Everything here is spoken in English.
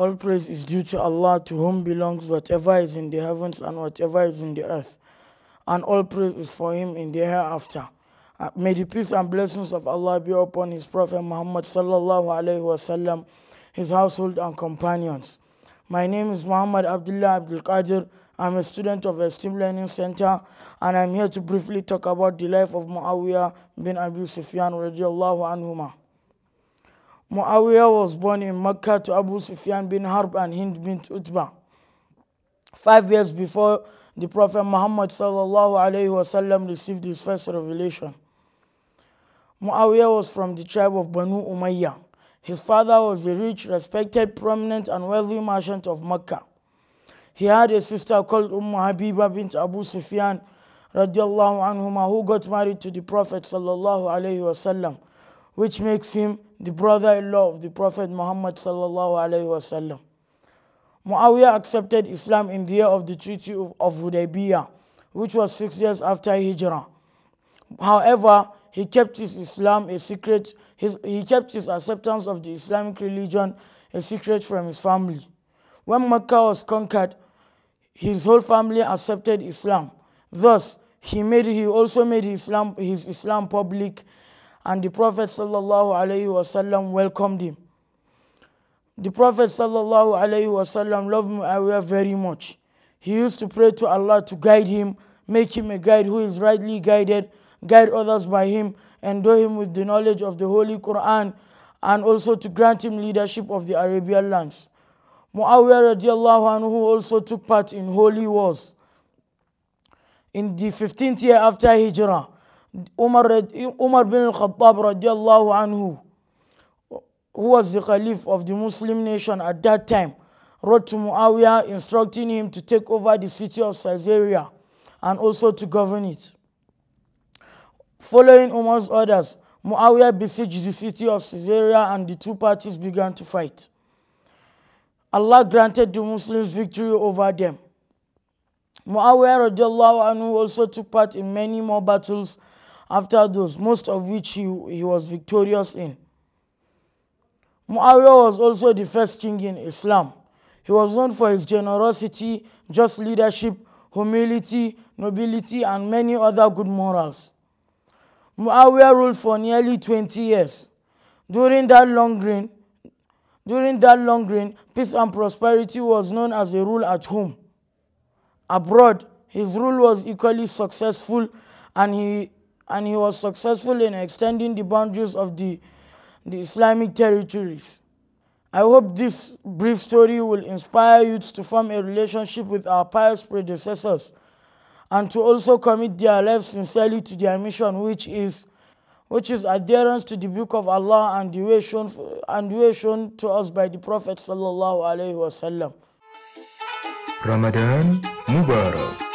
All praise is due to Allah, to whom belongs whatever is in the heavens and whatever is in the earth. And all praise is for him in the hereafter. Uh, may the peace and blessings of Allah be upon his Prophet Muhammad sallallahu alaihi wasallam, his household and companions. My name is Muhammad Abdullah Abdul Qadir. I'm a student of Esteem Learning Center, and I'm here to briefly talk about the life of Muawiyah bin Abu Sufyan radiallahu anhumah. Muawiyah was born in Mecca to Abu Sufyan bin Harb and Hind bin Utbah. Five years before the Prophet Muhammad sallallahu alaihi wasallam received his first revelation. Muawiyah was from the tribe of Banu Umayyah. His father was a rich, respected, prominent, and wealthy merchant of Mecca. He had a sister called Umm Habiba bint Abu Sufyan radiallahu who got married to the Prophet sallallahu alaihi wasallam which makes him the brother-in-law of the Prophet Muhammad sallallahu alaihi wasallam. Muawiyah accepted Islam in the year of the Treaty of, of Hudaybiyah, which was six years after Hijrah. However, he kept his Islam a secret, his, he kept his acceptance of the Islamic religion a secret from his family. When Mecca was conquered, his whole family accepted Islam. Thus, he, made, he also made Islam, his Islam public and the Prophet وسلم, welcomed him. The Prophet وسلم, loved Muawiyah very much. He used to pray to Allah to guide him, make him a guide who is rightly guided, guide others by him, endow him with the knowledge of the Holy Quran, and also to grant him leadership of the Arabian lands. Muawiyah radiallahu anhu also took part in holy wars. In the 15th year after Hijrah, Umar, Umar bin Khattab radiallahu anhu, who was the caliph of the Muslim nation at that time, wrote to Muawiyah instructing him to take over the city of Caesarea and also to govern it. Following Umar's orders, Muawiyah besieged the city of Caesarea and the two parties began to fight. Allah granted the Muslims victory over them. Muawiyah radiallahu anhu also took part in many more battles after those, most of which he, he was victorious in. Muawiyah was also the first king in Islam. He was known for his generosity, just leadership, humility, nobility, and many other good morals. Muawiyah ruled for nearly 20 years. During that long reign, during that long reign, peace and prosperity was known as a rule at home. Abroad, his rule was equally successful and he and he was successful in extending the boundaries of the, the Islamic territories. I hope this brief story will inspire youths to form a relationship with our pious predecessors and to also commit their lives sincerely to their mission, which is, which is adherence to the book of Allah and the way shown, and the way shown to us by the Prophet sallallahu alaihi wasallam. Ramadan Mubarak.